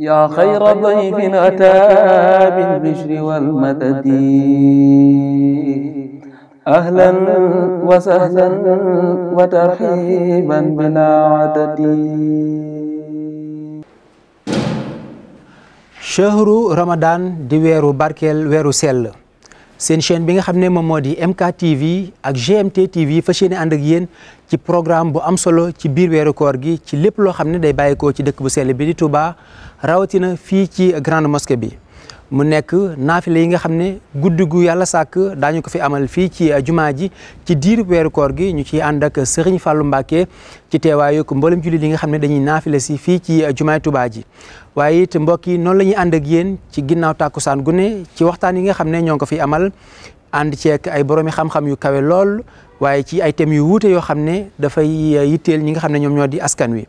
yaa xayra dayfin ataa bil bishri wal madadi wa sahlan wa tarhiiban bilaa adadi. Shahru Ramadan di weeru barkel weeru sell. seen chaîne bi nga xam ne moom moo di MKTV ak GMT TV fas yéene ànd ak yéen ci programme bu am solo ci biir weeru koor gi ci lépp loo xam ne day bàyyeekoo ci dëkk bu sell bi di Touba rawatina fii ci grande mosquée bi. mu nekk naafile yi nga xam ne guddi gu yàlla sàkk daañu ko fi amal fii ci euh, jumaa ji ci diir weeru koor gi ñu ciy ànd ak Serigne Fallou Mbacké ci teewaayu ko mboolem jullit yi nga xam ne dañuy naafile si fii ci euh, jumaay Touba ji waaye it mbokk yi noonu la ñuy ànd yéen ci ginnaaw tàkkusaan gu gune ci waxtaan yi nga xam ne ñoo ngi ko fi amal ànd ceek ay boroomi xam yu kawe lool waaye ci ay thèmes yu wuute yoo xam ne dafay euh, yitteel ñi nga xam ne ñoom ñoo di askan wi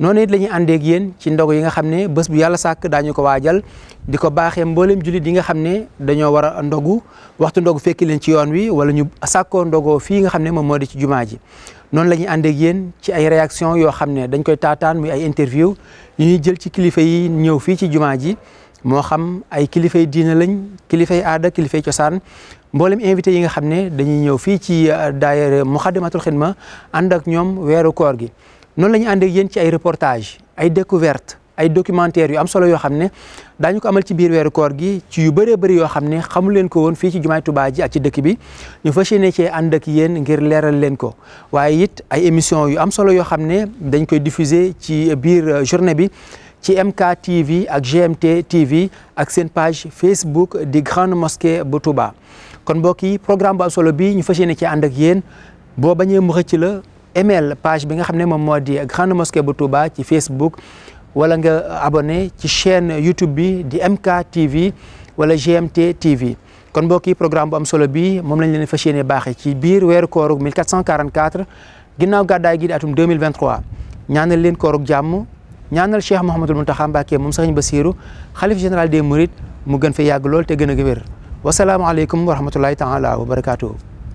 noonu it la ñuy àndeek yéen ci ndogu yi nga xam ne bés bu yàlla sàkk daañu ko waajal di ko baaxee mbooleem jullit yi nga xam ne dañoo war a ndogu waxtu ndogu fekki leen ci yoon wi wala ñu sàkkoo fii nga xam ne moom moo di ci jumaa ji noonu la àndeek yéen ci ay réaction yoo xam ne dañ koy taataan muy ay interview ñuy jël ci kilifa yi ñëw fii ci jumaa ji moo xam ay kilifay diina lañ kilifay aada kilifay cosaan mboolem invité yi nga xam ne dañuy ñëw fii ci euh, daayira Muxaddamatul Xidma ànd ak ñoom weeru koor gi noonu la ñu ànd yéen ci ay reportage ay découverte ay documentaire yu am solo yoo xam ne daañu ko amal ci biir weeru koor gi ci yu bëree bëri yoo xam ne xamu leen ko woon fii ci jumaay Tuubaa ak ci dëkk bi ñu fas yéene cee ànd ak yéen ngir leeral leen ko waaye it ay émission yu am solo yoo xam ne dañ koy diffuse ci biir euh, journée bi ci MK TV ak GMT TV ak seen page Facebook di Grande Mosquée bu Touba kon mbokk yi programme bu am solo bi ñu fas yéene cee ànd ak yéen boo bañee mu xëcc la email page bi nga xam ne moom moo di Grande Mosquée bu Touba ci Facebook wala nga abonné ci chaîne YouTube bi di MK TV wala GMT TV kon mbokk yi programme bu am solo bi moom lañ leen fa yéene baaxee ci biir weeru koorug 1444 ginnaaw gàddaay gi di atum 2023 ñaanal leen koorug jàmm ñaanal Cheikh Mouhamadul Mountakha Mbacké moom ba Bassirou xalif général de Mourides mu gën fa yàgg lool te gën a wér wasalaamualeykum wa rahmatullahi taala wa barakaatu.